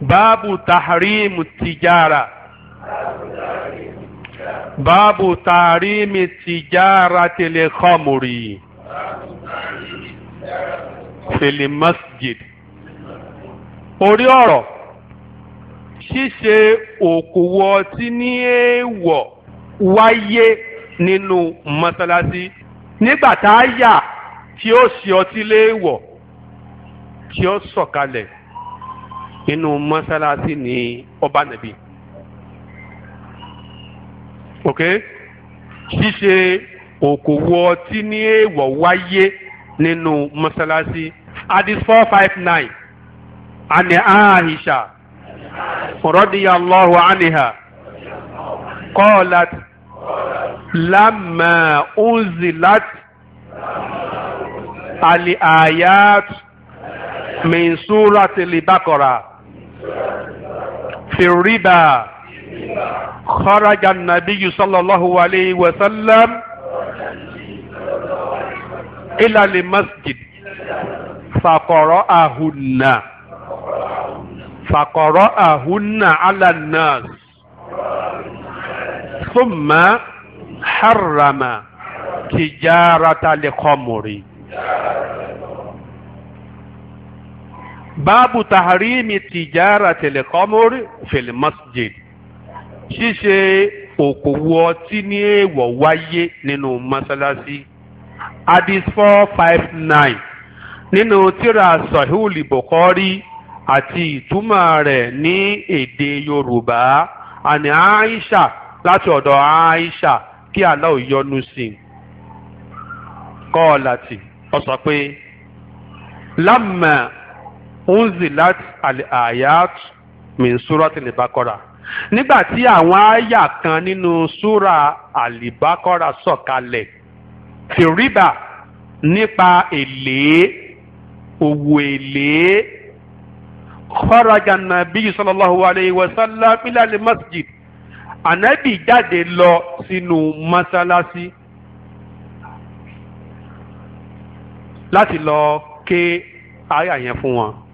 باب تحريم التجارة باب تحريم التجارة للخمر في المسجد orí ọ̀rọ̀ ṣíṣe òkòwò ọtí ní èèwọ̀ wáyé nínú mọ́sálásí nígbà tá a yà tí ó ṣe ọtí léèwọ̀ tí ó sọ̀kalẹ̀ inú mọ́sálásí ní ọba nàbí ok ṣíṣe òkòwò ọtí ní èèwọ̀ wáyé nínú mọ́sálásí hadith four five nine ani aisha radiyallahu anha qalat lamma unzilat al-ayat min surati al في الربا خرج النبي صلى الله عليه وسلم إلى المسجد فقرأهن فقرأهن على الناس ثم حرم تجارة لقمر báàbù taharimi tìjára tẹlẹkọmọrí fèlè masjid ṣíṣe òkòwò ọtí ní èèwọ̀ wáyé nínú mọ́sálásí hadith four five nine nínú tírà sahihul bukhari àti ìtumọ̀ rẹ̀ ní èdè yorùbá àní aisha láti ọ̀dọ̀ aisha kí Allah yọ́nú sí i kọ́ ọ ọ sọ pé lámà. unzilat al-ayat min surat al-bakora nígbà tí àwọn àyà kan nínú súra al-bakora sọ̀kalẹ̀ fi rìbá nípa èlé òwò èlé kharaja nabi sallallahu alayhi wa sallam ilal masjid anabi jáde lọ sínú mọ́sálásí láti lọ ké àyà yẹn fún wọn.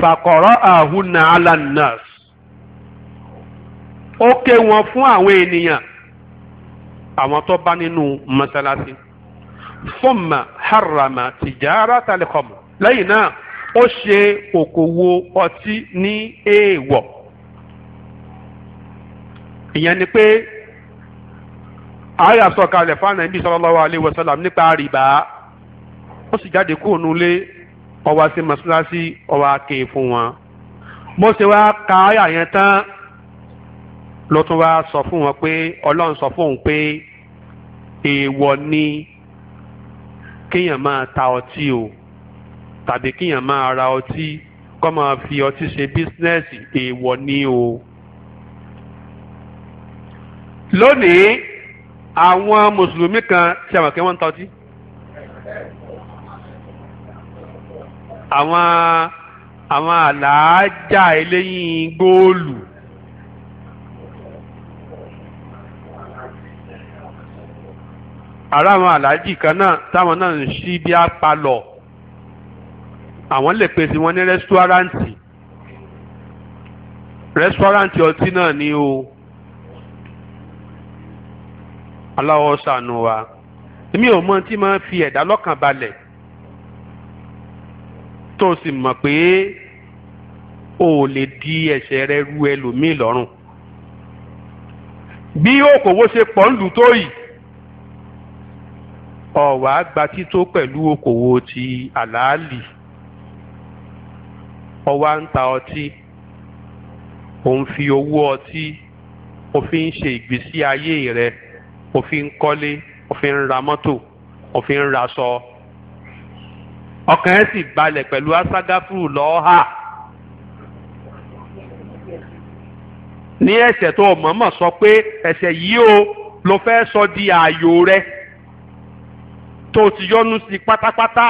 fàkọ̀rọ̀ àhùnà alanas ó ké wọn fún àwọn ènìyàn àwọn tó bá nínú mọ́sálásí fọ́ọ̀mà harama tìjára tàlẹ́kọ̀mù lẹ́yìn náà ó ṣe òkòwò ọtí ní èèwọ̀ ìyẹn ni pé àyà sọ̀kalẹ̀ fún Ànábì sallallahu alaihi wasallam nípa rìbá ó sì jáde kúrò nulẹ̀ ó wá sí mọ́ṣáláṣí ó wá ké fún wọn bó ṣe wá ka àyà yẹn tán ló tún wá sọ fún wọn pé ọlọ́run sọ fún òun pé èèwọ̀ ni kéèyàn máa ta ọtí o tàbí kéèyàn máa ra ọtí kó máa fi ọtí ṣe bísínẹ́sì èèwọ̀ ni o. lónìí àwọn mùsùlùmí kan ṣe àwọn kí wọ́n ń ta ọtí. àwọn àwọn àlàájá eléyìn góòlù. ara àwọn aláàjì kan náà táwọn náà ń ṣí bí apalọ̀ àwọn lè pèsè wọn ní rẹ́sítọ́ráǹtì rẹ́sítọ́ráǹtì ọtí náà ni o aláwọ̀ sànù wa èmi ò mọ tí máa ń fi ẹ̀dá lọ́kàn balẹ̀ tó o sì mọ̀ pé o ò lè di ẹ̀ṣẹ̀ rẹ ru ẹlòmíì lọ́rùn bí okòwò ṣe pọ̀ ń lù tó yìí ọ̀wá gba tító pẹ̀lú okòwò ti àlàálì ọwá ń ta ọtí òun fi owó ọtí òfin ń ṣe ìgbésí ayé rẹ òfin ń kọ́lé òfin ń ra mọ́tò òfin ń raṣọ. So ọkàn ẹ̀ sì balẹ̀ pẹ̀lú aságáfúrú lọ́ọ́hà ní ẹsẹ̀ tó o mọ̀ọ́mọ̀ sọ pé ẹsẹ̀ yìí o ló fẹ́ sọ di ààyò rẹ tó o ti yọnu sí pátápátá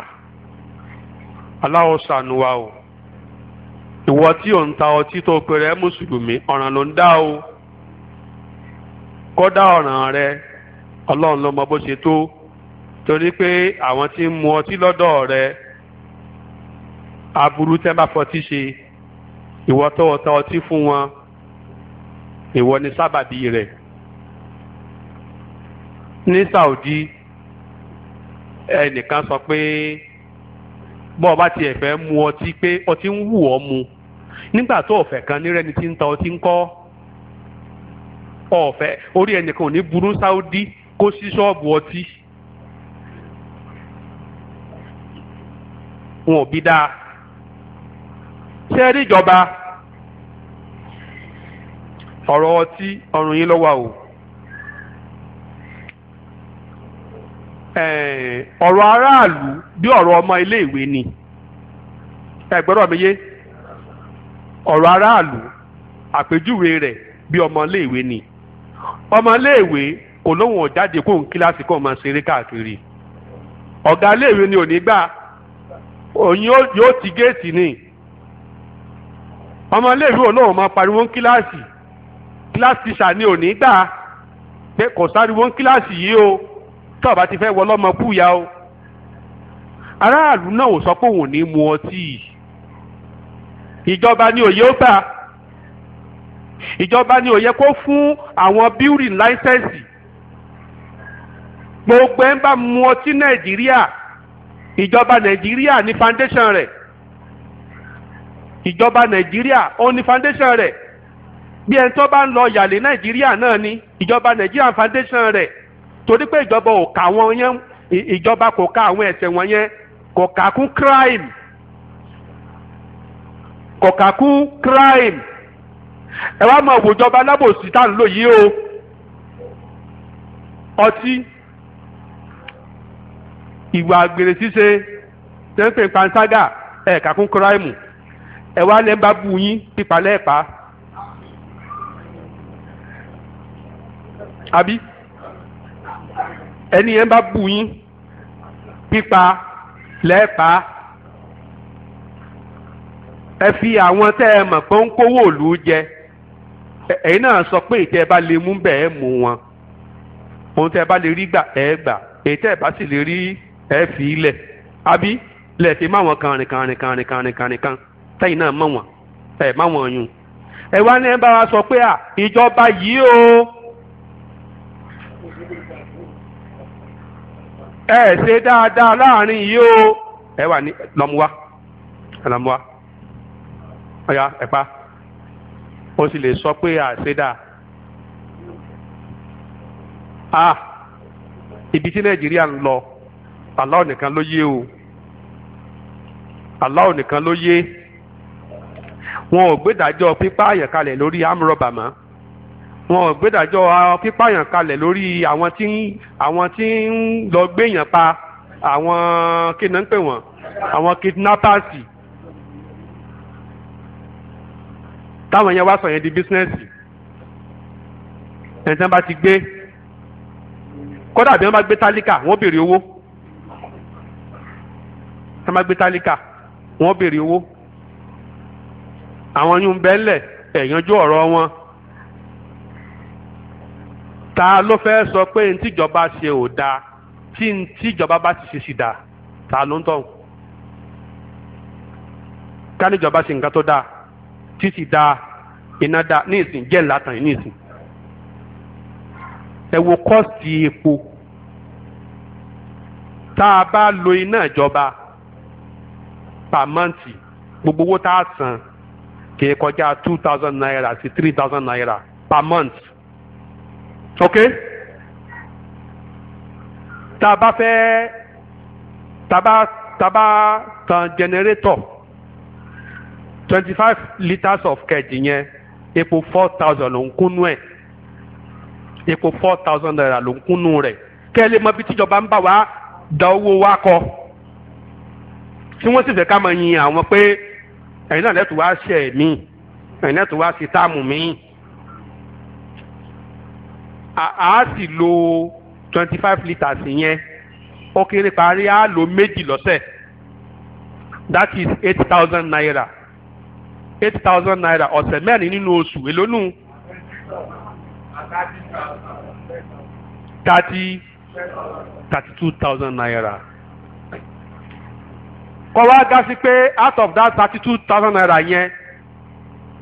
ah. aláwọ̀ ṣàánú wa o ìwọ tí ò ń ta ọtí tó o pèrè mùsùlùmí ọ̀ràn ló ń dá o kódà ọ̀ràn rẹ ọlọ́run ló mọ bó ṣe tó. torí pé àwọn tí ń mu ọtí lọ́dọ̀ rẹ aburú tẹ́ bá fọtí ṣe ìwọ tọwọ́ ta ọtí fún wọn ìwọ ni sábàbí rẹ̀ ní Saudi ẹnìkan sọ pé bọ́ọ̀ bá tiẹ̀ fẹ́ mu ọtí pé ọtí ń wù ọ́ mu nígbà tó ọ̀fẹ́ kan nírẹ́ni tí ń ta ọtí ń kọ́ ọ̀fẹ́ orí ẹnìkan ò ní burú Saudi kó sí ṣọ́ọ̀bù ọtí. wọn ò bí dáa ṣé ẹ rí ìjọba ọ̀rọ̀ ọtí ọrùn yín lọ́wọ́ o ọ̀rọ̀ aráàlú bí ọ̀rọ̀ ọmọ iléèwé ni ẹgbẹ́rọ̀ mi yé ọ̀rọ̀ aráàlú àpèjúwe rẹ̀ bí ọmọ iléèwé ni ọmọ iléèwé kò lóun ò jáde kóun kíláàsì kóun máa ṣeré káàkiri ọ̀gá iléèwé ni ò ní gbà òun yóò ti géètì ni ọmọ iléèwé olóhùn máa pariwo kíláàsì kíláàsì tíṣà ni ò ní gbà pé kò sáriwo kíláàsì yìí o tí ọba ti fẹ́ wọ lọ́mọ kúya o aráàlú náà ò sọ pé òun ò ní mu ọtí ìjọba ni òye ó gbà ìjọba ni òye kó fún àwọn building license gbogbo ẹ̀ ń bá mu ọtí nàìjíríà ìjọba nàìjíríà ní foundation rẹ̀ ìjọba nàìjíríà ó ní foundation rẹ̀ bí ẹni tó bá ń lọ yàlé nàìjíríà náà ni ìjọba nàìjíríà foundation rẹ̀ torí pé ìjọba ò kà wọ́n yẹn ìjọba kò ka àwọn ẹ̀ṣẹ̀ wọn yẹn kò kà kún crime kò kà kún crime ẹ wá mọ òwòjọba alábòsí tá à ń lò yìí o ọtí ìwà àgbèrè ṣíṣe tẹ́ńpẹ̀ panṣágà ẹ̀ka kún kíráìmù ẹ̀wá lẹ́ẹ̀ bá bù yín pípa lẹ́ẹ̀pa àbí ẹni yẹn bá bù yín pípa lẹ́ẹ̀pa ẹ fi àwọn tẹ́ ẹ mọ̀ pé ń kówó òlù jẹ ẹ̀yin náà sọ pé ìtẹ́ ẹ bá lè mú bẹ́ẹ̀ mú wọn ohun tẹ́ ẹ bá lè rí gbà ẹ gbà èyí ẹ bá sì lè rí. ẹ fi ilẹ̀ àbí lẹ́ẹ̀tì má wọn kan rìn kan rìn kan kan ma tẹ́yìn náà ẹ̀ wọn ẹ wá ní ẹ bá wa sọ pé à ìjọba yìí o ẹ ṣe dáadáa láàrin yìí o ẹ wà ní lọ́mùwá lọ́mùwá ọ̀yà o sì lè sọ pé à ṣe ah ibi tí nàìjíríà ń Allah nìkan ló yé o Allah nìkan ló yé wọn ò gbẹ́dàjọ́ pípààyàn kalẹ̀ lórí amúrọ̀bà mọ́ wọn ò gbẹ́dàjọ́ pípààyàn kalẹ̀ lórí àwọn tí àwọn tí ń lọ gbéyàn pa àwọn kí ni ń pè wọ́n àwọn kidnappers táwọn yẹn wá sọ yẹn di bísínẹ́sì ẹ̀ńtẹ́ bá ti gbé kódà bí wọ́n bá gbé tálíkà wọ́n béèrè owó tí wọ́n gbé tálíkà wọ́n béèrè owó àwọn yóò ń bẹ́ ńlẹ̀ ẹ̀yànjú ọ̀rọ̀ wọn ta ló fẹ́ sọ pé ní tíjọba ṣe ò dáa tí ní tíjọba bá ti ṣe sì dáa ta ló ń tọ̀hún ká níjọba ṣe nǹkan tó dáa títí dáa iná dáa ní ìsìn jẹ́ ńlá ní ìsìn ẹ wo kọ́ọ̀sì epo tá a bá lo iná ìjọba per month gbogbo owó tá a san kì í kọjá two thousand naira sí three thousand naira per month ok tá a bá fẹ́ tá a bá tá a bá tan generator twenty five litres of kẹ̀jì yẹn epo four thousand ló ń kúnnú ẹ̀ epo four thousand naira ló ń kúnnú rẹ̀ kẹ́ ẹ lè mọ bí tíjọba ń bá wa da owó wa kọ tí wọ́n sì fẹ́ ká máa yin àwọn pé ẹ̀yin náà lẹ́tù wá ṣẹ̀ mí ẹ̀yin lẹ́tù wá sí táàmù mí. a sì lo twenty five litres yẹn ó kéré parí á lo méjì lọ́sẹ̀ that is eight thousand naira eight thousand naira ọ̀sẹ̀ mẹ́rin nínú oṣù èló nù thirty thirty two thousand naira kọwa wá ga sí pé out of that thirty two thousand naira yẹn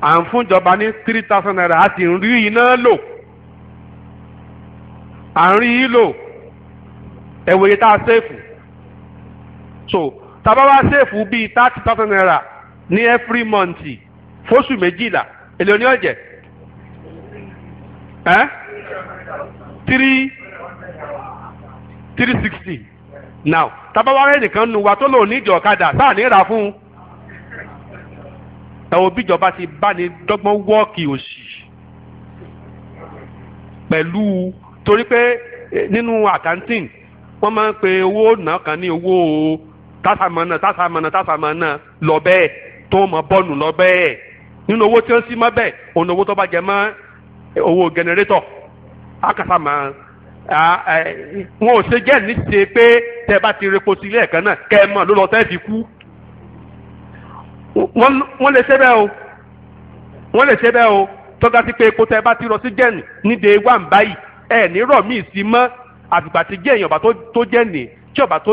à ń fún ìjọba ní three thousand naira a sì ń rí iná lò à ń rí lò ẹ̀wòye tá a ṣèfù so tàbá wá ṣèfù bíi thirty thousand naira ní every month fóṣù méjìlá èlò ní ọ̀jẹ̀ three three sixty. now tábàwárẹ́ nìkan nu wa tó lò ní ìdí ọ̀kadà sáà ní ra fún un ẹ̀wọ̀n bíjọba ti bá ní dọ́gbọ́n wọ́ọ̀kì òsì pẹ̀lú torí pé eh, nínú àkántìn wọ́n máa ń pe owó náà kan ní owó tásámọ́nà tásámọ́nà tásámọ́nà lọ bẹ́ẹ̀ tó mọ bọ́ọ̀nù lọ bẹ́ẹ̀ nínú owó tí wọ́n sì mọ́ bẹ́ẹ̀ òun owó tó bá jẹ mọ́ eh, owó gẹnẹrétọ̀ akásá eh, wọn ò ṣe jẹ́ ní pé tẹ́ ẹ bá ti repo sí ilé ẹ̀kan náà kẹ́ ẹ mọ̀ ló lọ tẹ́ ẹ fi kú. wọ́n lè ṣe bẹ́ẹ̀ o wọ́n lè ṣe bẹ́ẹ̀ o tọ́ka sí pé epo tẹ́ ẹ bá ti rọ sí jẹ́ẹ̀nì ní day one báyìí ẹ̀ ní rọ̀ míì sí mọ́ àfìgbà tí jẹ́ èèyàn ọ̀bà tó jẹ́ẹ̀nì tí ọ̀bà tó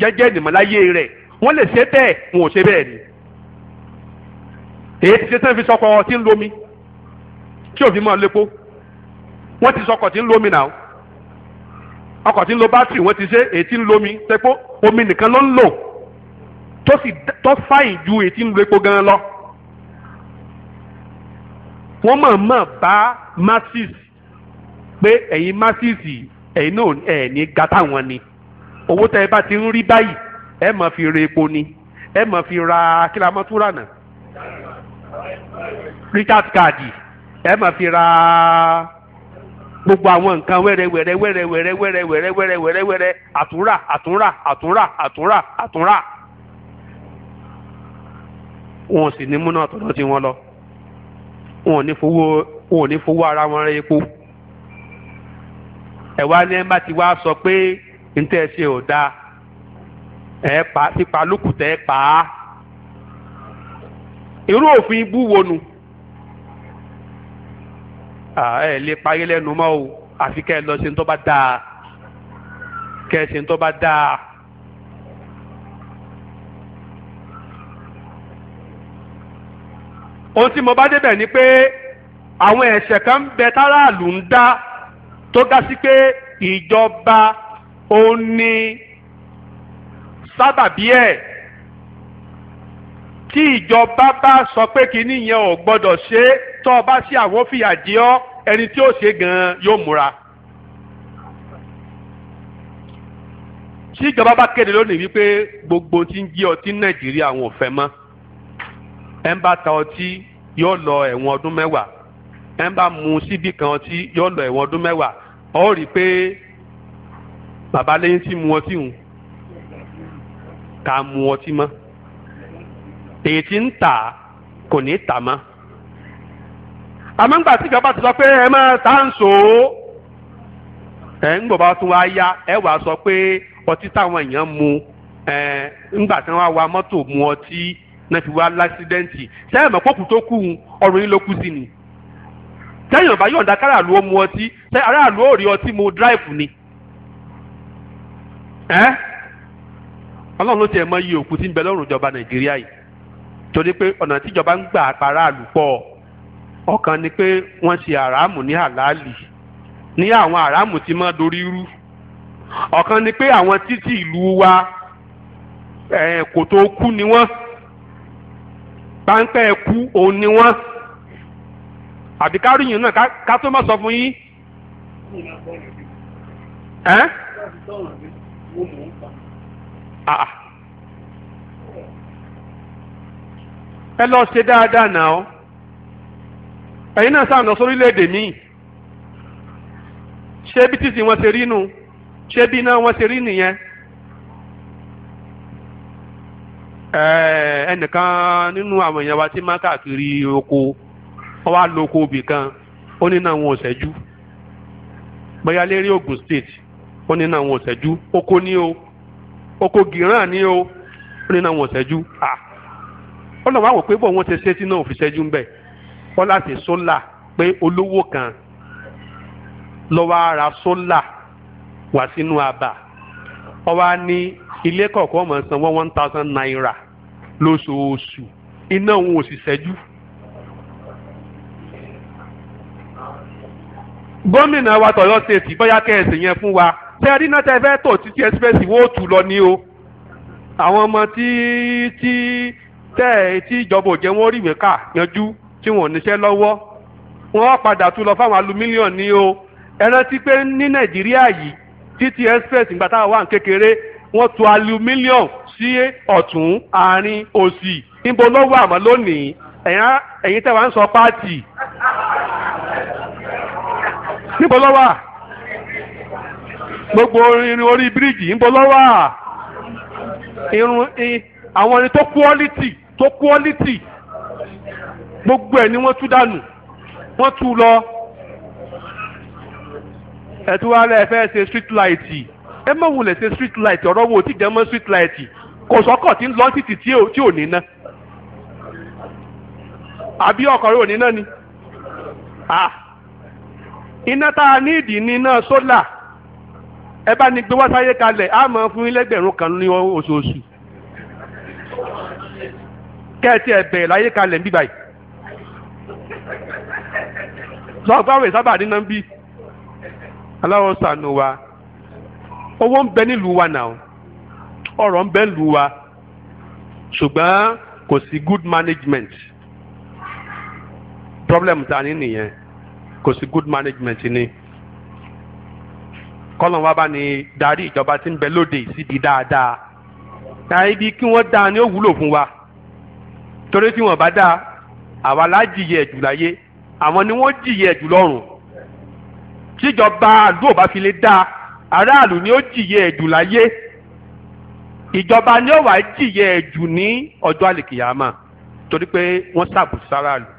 jẹ́jẹ́ ènìmọ̀ láyé rẹ̀ wọ́n lè ṣe bẹ́ẹ̀ wọn ò ṣe bẹ́ẹ̀ ni. èyí ti ṣe tán fi sọkọ tí ń lomi tí òfin máa lépo wọ́n ti sọkọ tí ń lomi náà ọkọ̀ tí ń lo bátìrì wọ́n ti ṣe èyí tí ń lomi tẹ́pọ́ omi nìkan ló ń lò tó sì tó fàyìn ju èyí ń lo epo gan lọ. wọ́n mọ̀ mọ̀ bá masis pé ẹ̀yin masis ẹ̀yin náà ẹ̀ ní gata wọn ni owó tẹ́ ẹ bá ti ń rí báyìí ẹ máa fi ra epo ni ẹ máa fi ra kílámọ́túrà náà richard card ẹ máa fi ra. gbogbo àwọn nǹkan wẹ́rẹ́ wẹ́rẹ́ wẹ́rẹ́ wẹ́rẹ́ wẹ́rẹ́ wẹ́rẹ́ wẹ́rẹ́ wẹ́rẹ́ wẹ́rẹ́ àtúnrà àtúnrà àtúnrà wọn sì ní múná tí lọ wọn ò ní fowó wọn ò ní fowó ara wọn rẹ epo ẹ̀wá ni ẹ̀ bá ti wá sọ pé níta Ah, ẹ lè parí lẹ́nu mọ́ o àfi kẹ́ ẹ lọ ṣe ń tó bá dáa kẹ́ ẹ ṣe ń tó bá dáa. ohun tí mo bá débẹ̀ ni pé àwọn ẹ̀ṣẹ̀ kan bẹ táráàlú ń dá tó ga sí pé ìjọba ó ní sábàbí ẹ̀ tí ìjọba bá sọ pé kinní yẹn ò gbọ́dọ̀ ṣe é tọ́ ọ bá sí àwọn fìyà jẹ ọ́ ẹni tí ó ṣe gan-an yóò múra. tí ìjọba bá kéde lónìí wípé gbogbo tí ń jí ọtí nàìjíríà wọn ò fẹ́ mọ́ ẹ ń bá ta ọtí yóò lọ ẹ̀wọ̀n ọdún mẹ́wàá ẹ ń bá mu síbì kan ọtí yóò lọ ẹ̀wọ̀n ọdún mẹ́wàá ọ rí i pé bàbá lẹ́yìn tí mu ọtí hùn ká mu ọtí mọ́ èyí tí ń tà kò ní tà mọ́. àmọ́ ńgbà tí ìjọba ti sọ pé ẹ máa ta ń sò ó ẹ̀ ń gbọ̀bá tún wá yá ẹ wàá sọ pé ọtí táwọn èèyàn mu ẹ̀ ńgbà tí wọ́n wá mọ́tò mu ọtí náà fi wá lásídẹ́ǹtì sẹ́yìn mọ̀ pọ́kù tó kù ọrùn yín ló kù sí ni sẹ́yìn ọ̀bá yọ̀ǹda káràlú ó mu ọtí aráàlú ó rí ọtí mu dráìfù ni ẹ́ ọlọ́run ló tiẹ̀ mọ iye òkú tí ń bẹ lọ́rùn ìjọba nàìjíríà yìí torí pé ọ̀nà tíjọba ń gbà para àlùpọ̀ ọ̀kan ni pé wọ́n ṣe àràmù ní àlàálì ní àwọn àràmù tí máa dorí rú ọ̀kan ni pé àwọn títì ìlú wa kò tó kú ni wọ́n páńpẹ́ kú òun ni wọ́n àbí kárìyìn náà ká tó má sọ fún yín. ẹ́ ah, ah. ẹ lọ ṣe dáadáa náà. ẹ̀yin náà sáà lọ sórílẹ̀-èdè míì ṣé bí títì wọn ṣe rí nu ṣé bí iná wọn ṣe rí nìyẹn. ẹnìkan nínú àwọn èèyàn wa ti máa káàkiri oko wọn wá lo oko obì kan ó ní náà wọn ò ṣẹ́jú bóyá lérí ogun state ó ní náà wọn ò ṣẹ́jú oko ní o oko gìrán ní o ó ní náà wọn ò ṣẹ́jú ó lọ wá wò pé bó wọn ṣe ṣe tí náà ò fi ṣẹ́jú ń bẹ̀. wọ́n láti sólà pé olówó kan lọ́wọ́ ara sólà wá sínú àbà wọ́n wá ní ilé kọ̀ọ̀kan ọmọ sanwó one thousand naira lóṣooṣù iná òun ò sì ṣẹ́jú. gómìnà wa tọ̀yọ́ ṣèṣì bóyá kẹ́ẹ̀sì yẹn fún wa ṣé ẹ rí náà tẹ́ fẹ́ tò títí ẹ́sípẹ́sì wọ́n ò tù lọ ní o àwọn ọmọ tí tí tẹ́ ẹ tí ìjọba òjẹ́ wọn rí ìwé kà yanjú tí wọn ò lọwọ wọn padà tún lọ fáwọn alumílíọ̀n n'i o ẹ rántí pé ní nàìjíríà yìí express ìgbà táwọn wà wọn kékeré wọ́n tò alumílíọ̀n sí ọ̀tún àárín òsì níbo ló wà mọ́ lónìí tẹ́ ń gbogbo irin orí bíríìjì níbo ló wà irun àwọn irin tó kúọ́lítì tó gbogbo ẹ̀ ni wọ́n tú dànù wọ́n tú lọ ẹ̀tú wa lẹ́ẹ̀ fẹ́ ṣe street light ẹ mọ̀ wulẹ̀ ṣe street light ọ̀rọ̀ wo ti jẹ́ mọ́ street light kò sọ́kọ̀ tí ń lọ títì tí ò ní ná àbí ọkọ̀ rẹ̀ ò ní ná ni iná tá a ní ìdí ní iná sólà ẹ bá ní gbé wá kalẹ̀ á mọ̀ fún yín kan ní oṣooṣù kẹ́ẹ̀tì ẹ̀ láyé kalẹ̀ ń bí báyìí sọ́ọ̀gbáwé sábà nínú bí aláwọ̀ sànù wa owó ń bẹ nílùú wa náà ọ̀rọ̀ ń bẹ nílùú wa ṣùgbọ́n kò sí good management problem ta ni nìyẹn kò sí good management ni kọ́lọ̀ wa bá ní darí ìjọba tí ń bẹ lóde síbi dáadáa ibi kí wọ́n dáa ni ó wúlò fún wa torí tí wọ́n bá dáa àwa lájìyẹ jùláyé àwọn ni wọ́n jìyẹ jù lọ́rùn tíjọba àdó bá fi lè dá aráàlú ni ó jìyẹ jù láyé ìjọba ni ó wàá jìyẹ jù ní ọjọ́ àlìkìyàmà torí pé wọ́n ṣàbùsí aráàlú.